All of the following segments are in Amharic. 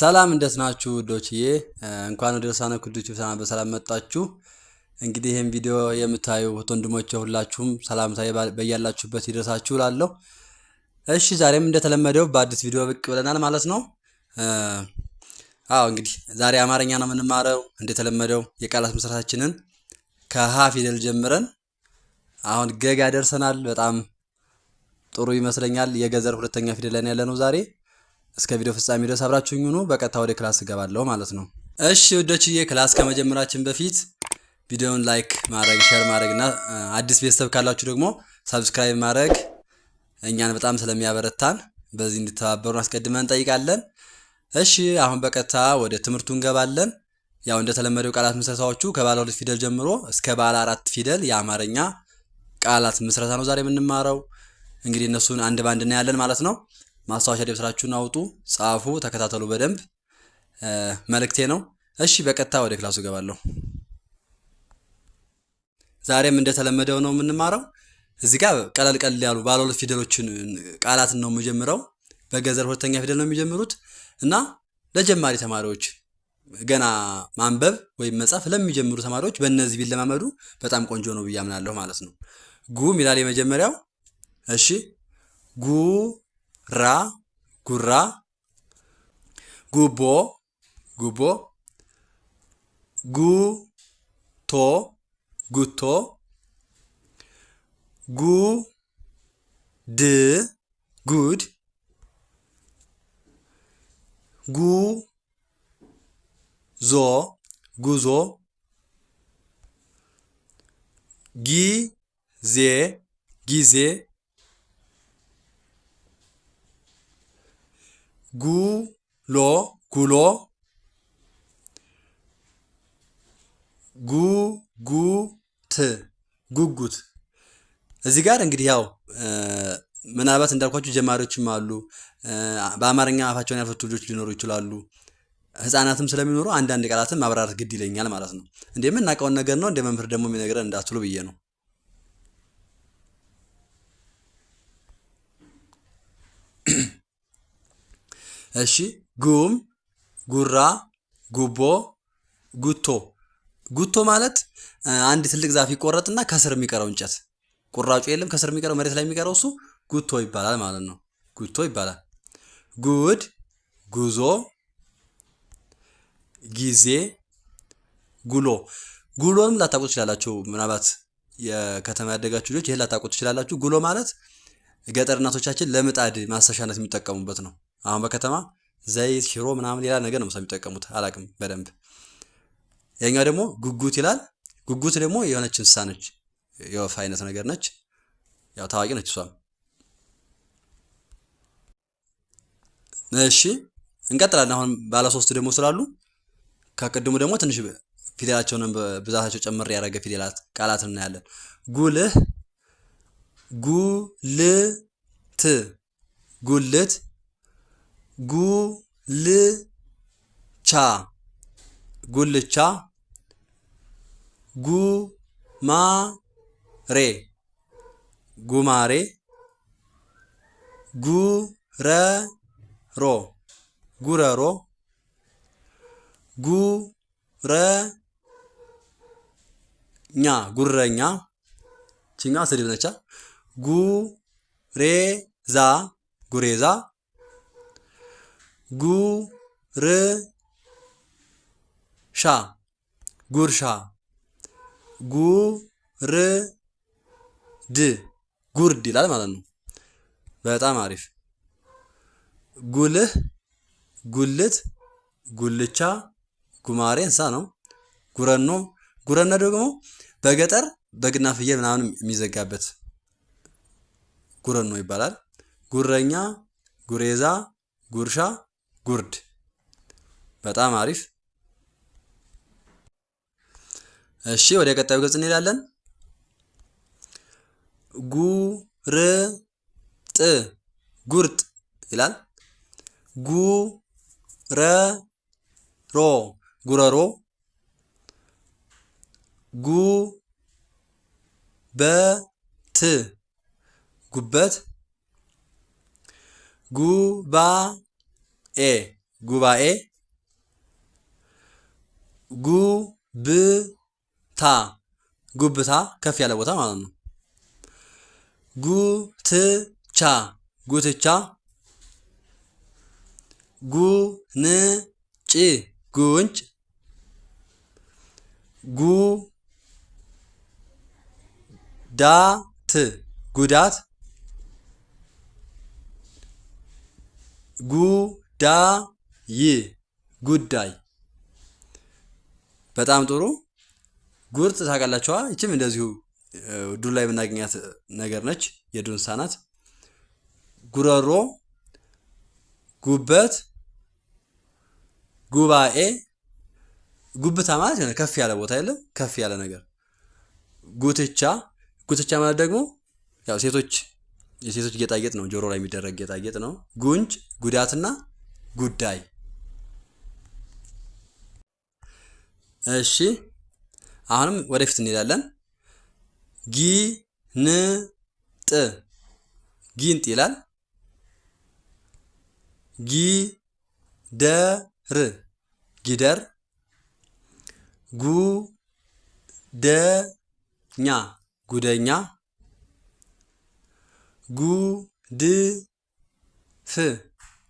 ሰላም እንደት ናችሁ ውዶችዬ? እንኳን ወደ ልሳነ ኩዱ ዩቲዩብ በሰላም መጣችሁ። እንግዲህ ይህም ቪዲዮ የምታዩ ወንድሞቼ ሁላችሁም ሰላምታ በያላችሁበት ይደርሳችሁ እላለሁ። እሺ ዛሬም እንደተለመደው በአዲስ ቪዲዮ ብቅ ብለናል ማለት ነው። አዎ እንግዲህ ዛሬ አማርኛ ነው የምንማረው። እንደተለመደው የቃላት መሰረታችንን ከሀ ፊደል ጀምረን አሁን ገጋ ደርሰናል። በጣም ጥሩ ይመስለኛል። የገዘር ሁለተኛ ፊደል ላይ ያለ ነው ዛሬ እስከ ቪዲዮ ፍጻሜ ድረስ አብራችሁኝ ሁኑ። በቀጥታ ወደ ክላስ እገባለሁ ማለት ነው። እሺ ውዶችዬ፣ ክላስ ከመጀመራችን በፊት ቪዲዮውን ላይክ ማድረግ፣ ሼር ማድረግ እና አዲስ ቤተሰብ ካላችሁ ደግሞ ሰብስክራይብ ማድረግ እኛን በጣም ስለሚያበረታን በዚህ እንዲተባበሩን አስቀድመን እንጠይቃለን። እሺ አሁን በቀጥታ ወደ ትምህርቱ እንገባለን። ያው እንደተለመደው ቃላት ምስረታዎቹ ከባለ ሁለት ፊደል ጀምሮ እስከ ባለ አራት ፊደል የአማርኛ ቃላት ምስረታ ነው ዛሬ የምንማረው። እንግዲህ እነሱን አንድ ባንድ እናያለን ማለት ነው። ማስታወሻ ደብተራችሁን አውጡ፣ ጻፉ፣ ተከታተሉ በደንብ መልእክቴ ነው። እሺ በቀጥታ ወደ ክላሱ እገባለሁ። ዛሬም እንደተለመደው ነው የምንማረው። እዚህ ጋር ቀለል ቀለል ያሉ ባለ ሁለት ፊደሎችን ቃላትን ነው የምጀምረው። በገዘር ሁለተኛ ፊደል ነው የሚጀምሩት እና ለጀማሪ ተማሪዎች ገና ማንበብ ወይም መጻፍ ለሚጀምሩ ተማሪዎች በእነዚህ ቢለማመዱ በጣም ቆንጆ ነው ብዬ አምናለሁ ማለት ነው። ጉም ይላል የመጀመሪያው። እሺ ጉ ራ ጉራ ጉቦ ጉቦ ጉቶ ጉቶ ጉድ ጉድ ጉዞ ጉዞ ጊዜ ጊዜ ጉሎ ጉሎ ጉጉት ጉጉት እዚህ ጋር እንግዲህ ያው ምናልባት እንዳልኳችሁ ጀማሪዎችም አሉ፣ በአማርኛ አፋቸውን ያልፈቱ ልጆች ሊኖሩ ይችላሉ። ህጻናትም ስለሚኖሩ አንዳንድ ቃላትን ማብራራት ግድ ይለኛል ማለት ነው። እንደ የምናውቀውን ነገር ነው እንደ መምህር ደግሞ የሚነግረን እንዳትሉ ብዬ ነው። እሺ ጉም ጉራ ጉቦ ጉቶ ጉቶ ማለት አንድ ትልቅ ዛፍ ይቆረጥና ከስር የሚቀረው እንጨት ቁራጩ የለም ከስር የሚቀረው መሬት ላይ የሚቀረው እሱ ጉቶ ይባላል ማለት ነው። ጉቶ ይባላል። ጉድ ጉዞ ጊዜ ጉሎ ጉሎንም ላታውቁ ትችላላችሁ። ምናልባት የከተማ ያደጋችሁ ልጆች ይህን ላታውቁ ትችላላችሁ። ጉሎ ማለት ገጠር እናቶቻችን ለምጣድ ማሳሻነት የሚጠቀሙበት ነው። አሁን በከተማ ዘይት፣ ሽሮ ምናምን ሌላ ነገር ነው የሚጠቀሙት። አላቅም በደንብ የኛው ደግሞ ጉጉት ይላል። ጉጉት ደግሞ የሆነች እንስሳ ነች፣ የወፍ አይነት ነገር ነች። ያው ታዋቂ ነች እሷም። እሺ እንቀጥላለን። አሁን ባለሶስት ደግሞ ስላሉ ከቅድሙ ደግሞ ትንሽ ፊደላቸውን ብዛታቸው ጨምር ያደረገ ፊደላት ቃላት እናያለን። ጉልህ፣ ጉልት፣ ጉልት ጉልቻ ጉልቻ ጉማሬ ጉማሬ ጉረሮ ጉረሮ ጉረኛ ጉረኛ ችኛ ስድብ ነቻ ጉሬዛ ጉሬዛ ጉርሻ ጉርሻ ጉርድ ጉርድ ይላል ማለት ነው። በጣም አሪፍ። ጉልህ ጉልት ጉልቻ ጉማሬ እንስሳ ነው። ጉረኖ ጉረኖ ደግሞ በገጠር በግና ፍየል ምናምን የሚዘጋበት ጉረኖ ይባላል። ጉረኛ ጉሬዛ ጉርሻ ጉርድ በጣም አሪፍ። እሺ ወደ ቀጣዩ ገጽ እንሄዳለን። ጉርጥ ጉርጥ ይላል። ጉረሮ ጉረሮ ጉበት ጉበት ጉባ ኤ ጉባኤ ጉብታ ጉብታ ከፍ ያለ ቦታ ማለት ነው። ጉትቻ ጉትቻ ጉንጭ ጉንጭ ጉዳት ጉዳት ጉ ይ ጉዳይ። በጣም ጥሩ ጉርጥ ታውቃላችኋ። ይችም እንደዚሁ ዱር ላይ የምናገኛት ነገር ነች። የዱር እንስሳ ናት። ጉረሮ፣ ጉበት፣ ጉባኤ። ጉብታ ማለት የሆነ ከፍ ያለ ቦታ የለም፣ ከፍ ያለ ነገር። ጉትቻ፣ ጉትቻ ማለት ደግሞ ያው ሴቶች የሴቶች ጌጣጌጥ ነው። ጆሮ ላይ የሚደረግ ጌጣጌጥ ነው። ጉንጭ፣ ጉዳትና ጉዳይ። እሺ አሁንም ወደፊት እንሄዳለን። ጊ ጥ ጊንጥ ይላል። ጊደር ጊደር ጉደኛ ጉደኛ ጉድፍ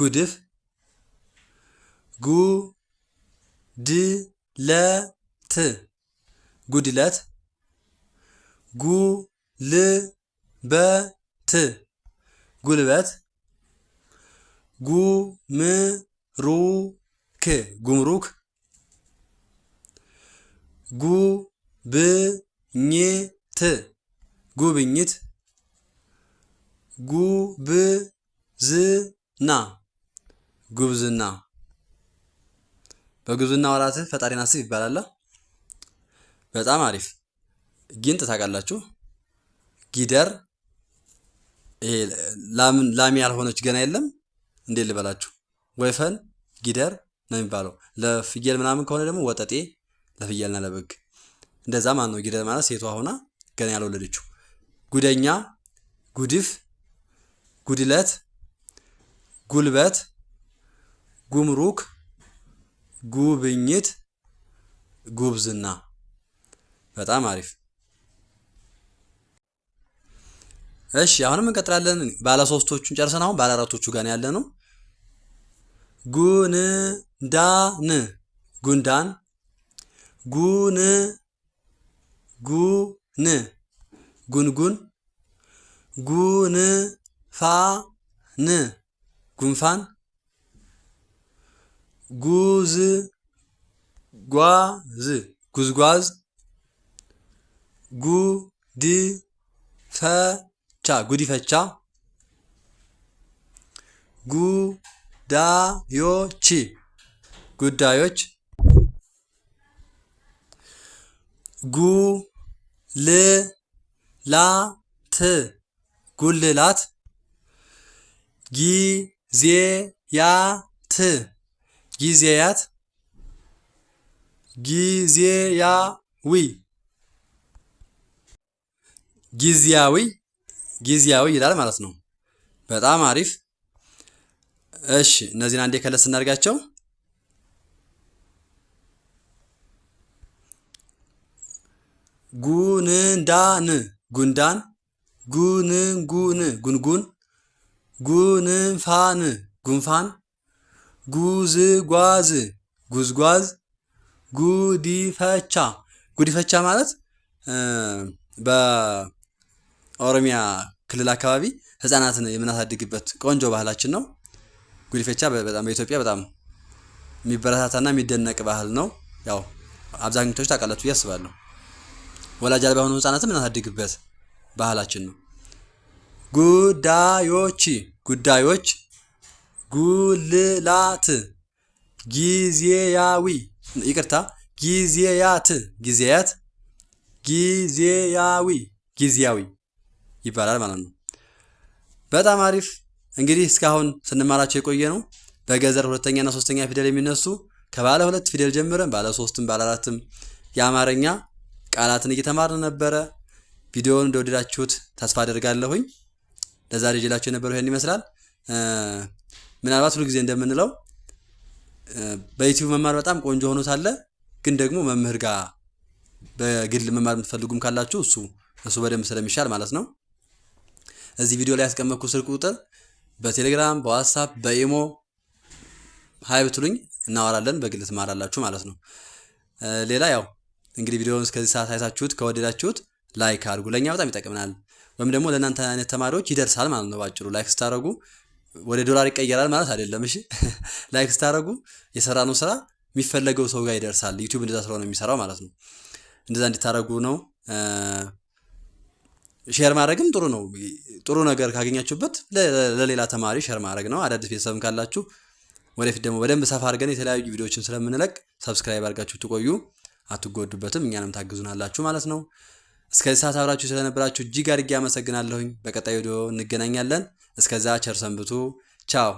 ጉድፍ ጉድለት ጉድለት ጉልበት ጉልበት ጉምሩክ ጉምሩክ ጉብኝት ጉብኝት ጉብዝና ጉብዝና በግብዝና ወራትህ ፈጣሪን አስብ ይባላል። በጣም አሪፍ። ጊንጥ ታውቃላችሁ? ጊደር ላሚ ያልሆነች ገና የለም እንዴት ልበላችሁ? ወይፈን ጊደር ነው የሚባለው። ለፍየል ምናምን ከሆነ ደግሞ ወጠጤ ለፍየልና ለበግ እንደዛ ማለት ነው። ጊደር ማለት ሴቷ ሆና ገና ያልወለደችው። ጉደኛ፣ ጉድፍ፣ ጉድለት፣ ጉልበት፣ ጉምሩክ ጉብኝት ጉብዝና። በጣም አሪፍ። እሺ አሁንም እንቀጥላለን። ባለ ሶስቶቹን ጨርሰን አሁን ባለ አራቶቹ ጋር ያለ ነው። ጉንዳን ጉንዳን ጉን ጉን ጉንጉን ጉንፋን ጉንፋን ጉዝ ጓዝ ጉዝጓዝ ጉድፈቻ ጉዲፈቻ ጉዳዮች ጉዳዮች ጉልላት ጉልላት ጊዜያት ጊዜያት ጊዜያዊ ጊዜያዊ ጊዜያዊ ይላል ማለት ነው። በጣም አሪፍ። እሺ እነዚህን አንዴ ከለስ እናድርጋቸው። ጉንዳን ጉንዳን ጉንጉን ጉንጉን ጉንፋን ጉንፋን ጉዝጓዝ ጉዝጓዝ ጉዲፈቻ ጉዲፈቻ ማለት በኦሮሚያ ክልል አካባቢ ህፃናትን የምናሳድግበት ቆንጆ ባህላችን ነው። ጉዲፈቻ በጣም በኢትዮጵያ በጣም የሚበረታታና የሚደነቅ ባህል ነው። ያው አብዛኞቹ ታውቃላችሁ ብዬ አስባለሁ። ወላጅ አልባ የሆኑ ህፃናትን የምናሳድግበት ባህላችን ነው። ጉዳዮች ጉዳዮች ጉልላት ጊዜያዊ ይቅርታ ጊዜያት ጊዜያት ጊዜያዊ ጊዜያዊ ይባላል ማለት ነው። በጣም አሪፍ እንግዲህ እስካሁን ስንማራቸው የቆየ ነው። በገዘር ሁለተኛና ሶስተኛ ፊደል የሚነሱ ከባለ ሁለት ፊደል ጀምረን ባለ ሶስትም ባለ አራትም የአማርኛ ቃላትን እየተማርን ነበረ። ቪዲዮውን እንደወደዳችሁት ተስፋ አደርጋለሁኝ። ለዛሬ ጅላችሁ የነበረው ይህን ይመስላል። ምናልባት ጊዜ እንደምንለው በዩቲዩብ መማር በጣም ቆንጆ ሆኖ ሳለ ግን ደግሞ መምህር ጋር በግል መማር የምትፈልጉም ካላችሁ እሱ እሱ በደንብ ስለሚሻል ማለት ነው። እዚህ ቪዲዮ ላይ ያስቀመጥኩ ስልክ ቁጥር በቴሌግራም በዋትሳፕ በኢሞ ሀይ ብትሉኝ እናወራለን። በግል ትማራላችሁ ማለት ነው። ሌላ ያው እንግዲህ ቪዲዮውን እስከዚህ ሰዓት አይታችሁት ከወደዳችሁት ላይክ አድርጉ። ለእኛ በጣም ይጠቅምናል፣ ወይም ደግሞ ለእናንተ አይነት ተማሪዎች ይደርሳል ማለት ነው። ባጭሩ ላይክ ስታደርጉ ወደ ዶላር ይቀየራል ማለት አይደለም። እሺ ላይክ ስታደረጉ የሰራነው ስራ የሚፈለገው ሰው ጋር ይደርሳል። ዩቲዩብ እንደዛ ስለሆነ የሚሰራው ማለት ነው። እንደዛ እንዲታደረጉ ነው። ሼር ማድረግም ጥሩ ነው። ጥሩ ነገር ካገኛችሁበት ለሌላ ተማሪ ሼር ማድረግ ነው። አዳዲስ ቤተሰብም ካላችሁ ወደፊት ደግሞ በደንብ ሰፋ አድርገን የተለያዩ ቪዲዮዎችን ስለምንለቅ ሰብስክራይብ አድርጋችሁ ትቆዩ፣ አትጎዱበትም። እኛንም ታግዙናላችሁ ማለት ነው። እስከዚህ ሰዓት አብራችሁ ስለነበራችሁ እጅግ አድርጌ አመሰግናለሁኝ። በቀጣይ ቪዲዮ እንገናኛለን። እስከዛ ቸር ሰንብቱ። ቻው